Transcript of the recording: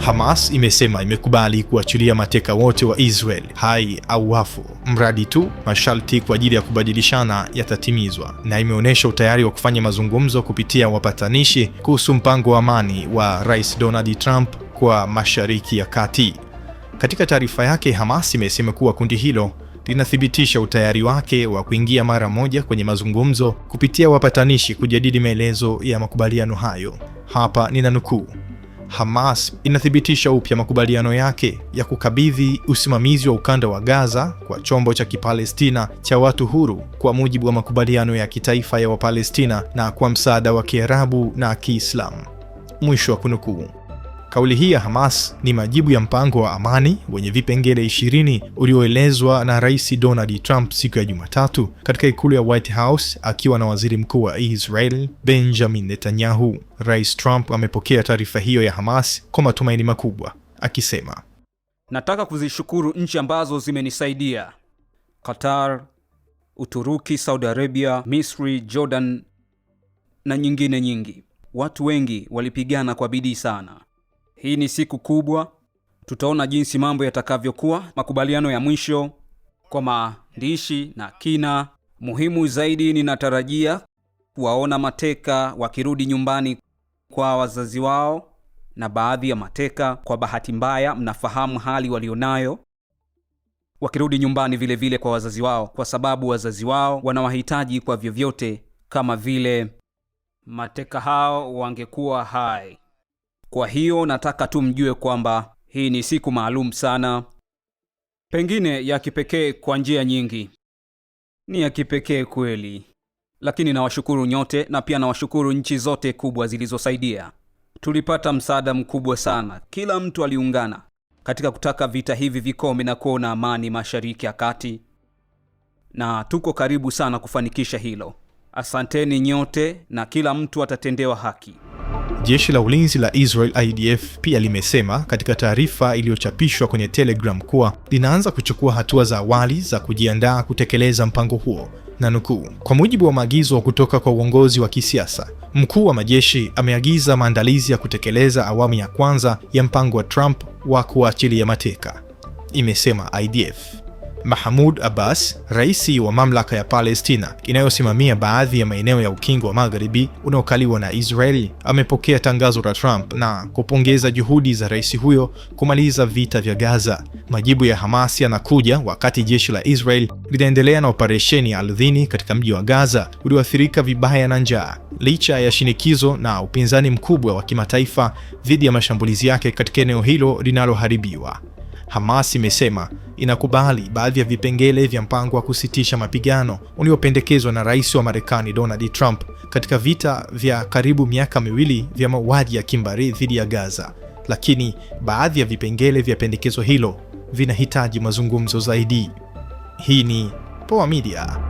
Hamas imesema imekubali kuachilia mateka wote wa Israel hai au wafu, mradi tu masharti kwa ajili ya kubadilishana yatatimizwa, na imeonyesha utayari wa kufanya mazungumzo kupitia wapatanishi kuhusu mpango wa amani wa Rais Donald Trump kwa Mashariki ya Kati. Katika taarifa yake, Hamas imesema kuwa kundi hilo linathibitisha utayari wake wa kuingia mara moja kwenye mazungumzo kupitia wapatanishi kujadili maelezo ya makubaliano hayo. Hapa ninanukuu: nukuu: Hamas inathibitisha upya makubaliano yake ya kukabidhi usimamizi wa ukanda wa Gaza kwa chombo cha Kipalestina cha watu huru kwa mujibu wa makubaliano ya kitaifa ya Wapalestina na kwa msaada wa Kiarabu na Kiislamu. Mwisho wa kunukuu. Kauli hii ya Hamas ni majibu ya mpango wa amani wenye vipengele 20 ulioelezwa na Rais Donald Trump siku ya Jumatatu katika ikulu ya White House akiwa na Waziri Mkuu wa Israel Benjamin Netanyahu. Rais Trump amepokea taarifa hiyo ya Hamas kwa matumaini makubwa akisema, nataka kuzishukuru nchi ambazo zimenisaidia: Qatar, Uturuki, Saudi Arabia, Misri, Jordan na nyingine nyingi. Watu wengi walipigana kwa bidii sana hii ni siku kubwa, tutaona jinsi mambo yatakavyokuwa. Makubaliano ya mwisho kwa maandishi na kina. Muhimu zaidi, ninatarajia kuwaona mateka wakirudi nyumbani kwa wazazi wao, na baadhi ya mateka, kwa bahati mbaya, mnafahamu hali walionayo, wakirudi nyumbani vile vile kwa wazazi wao, kwa sababu wazazi wao wanawahitaji kwa vyovyote, kama vile mateka hao wangekuwa hai. Kwa hiyo nataka tu mjue kwamba hii ni siku maalum sana, pengine ya kipekee kwa njia nyingi. Ni ya kipekee kweli, lakini nawashukuru nyote na pia nawashukuru nchi zote kubwa zilizosaidia. Tulipata msaada mkubwa sana, kila mtu aliungana katika kutaka vita hivi vikome na kuona amani Mashariki ya Kati, na tuko karibu sana kufanikisha hilo. Asanteni nyote na kila mtu atatendewa haki. Jeshi la ulinzi la Israel IDF pia limesema katika taarifa iliyochapishwa kwenye Telegram kuwa linaanza kuchukua hatua za awali za kujiandaa kutekeleza mpango huo, na nukuu, kwa mujibu wa maagizo kutoka kwa uongozi wa kisiasa, mkuu wa majeshi ameagiza maandalizi ya kutekeleza awamu ya kwanza ya mpango wa Trump wa kuachilia mateka, imesema IDF. Mahmud Abbas, raisi wa mamlaka ya Palestina inayosimamia baadhi ya maeneo ya ukingo wa magharibi unaokaliwa na Israeli, amepokea tangazo la Trump na kupongeza juhudi za rais huyo kumaliza vita vya Gaza. Majibu ya Hamas yanakuja wakati jeshi la Israel linaendelea na operesheni ya ardhini katika mji wa Gaza ulioathirika vibaya na njaa, licha ya shinikizo na upinzani mkubwa wa kimataifa dhidi ya mashambulizi yake katika eneo hilo linaloharibiwa. Hamas imesema inakubali baadhi ya vipengele vya mpango wa kusitisha mapigano uliopendekezwa na rais wa Marekani Donald Trump katika vita vya karibu miaka miwili vya mauaji ya kimbari dhidi ya Gaza, lakini baadhi ya vipengele vya pendekezo hilo vinahitaji mazungumzo zaidi. Hii ni Poa Media.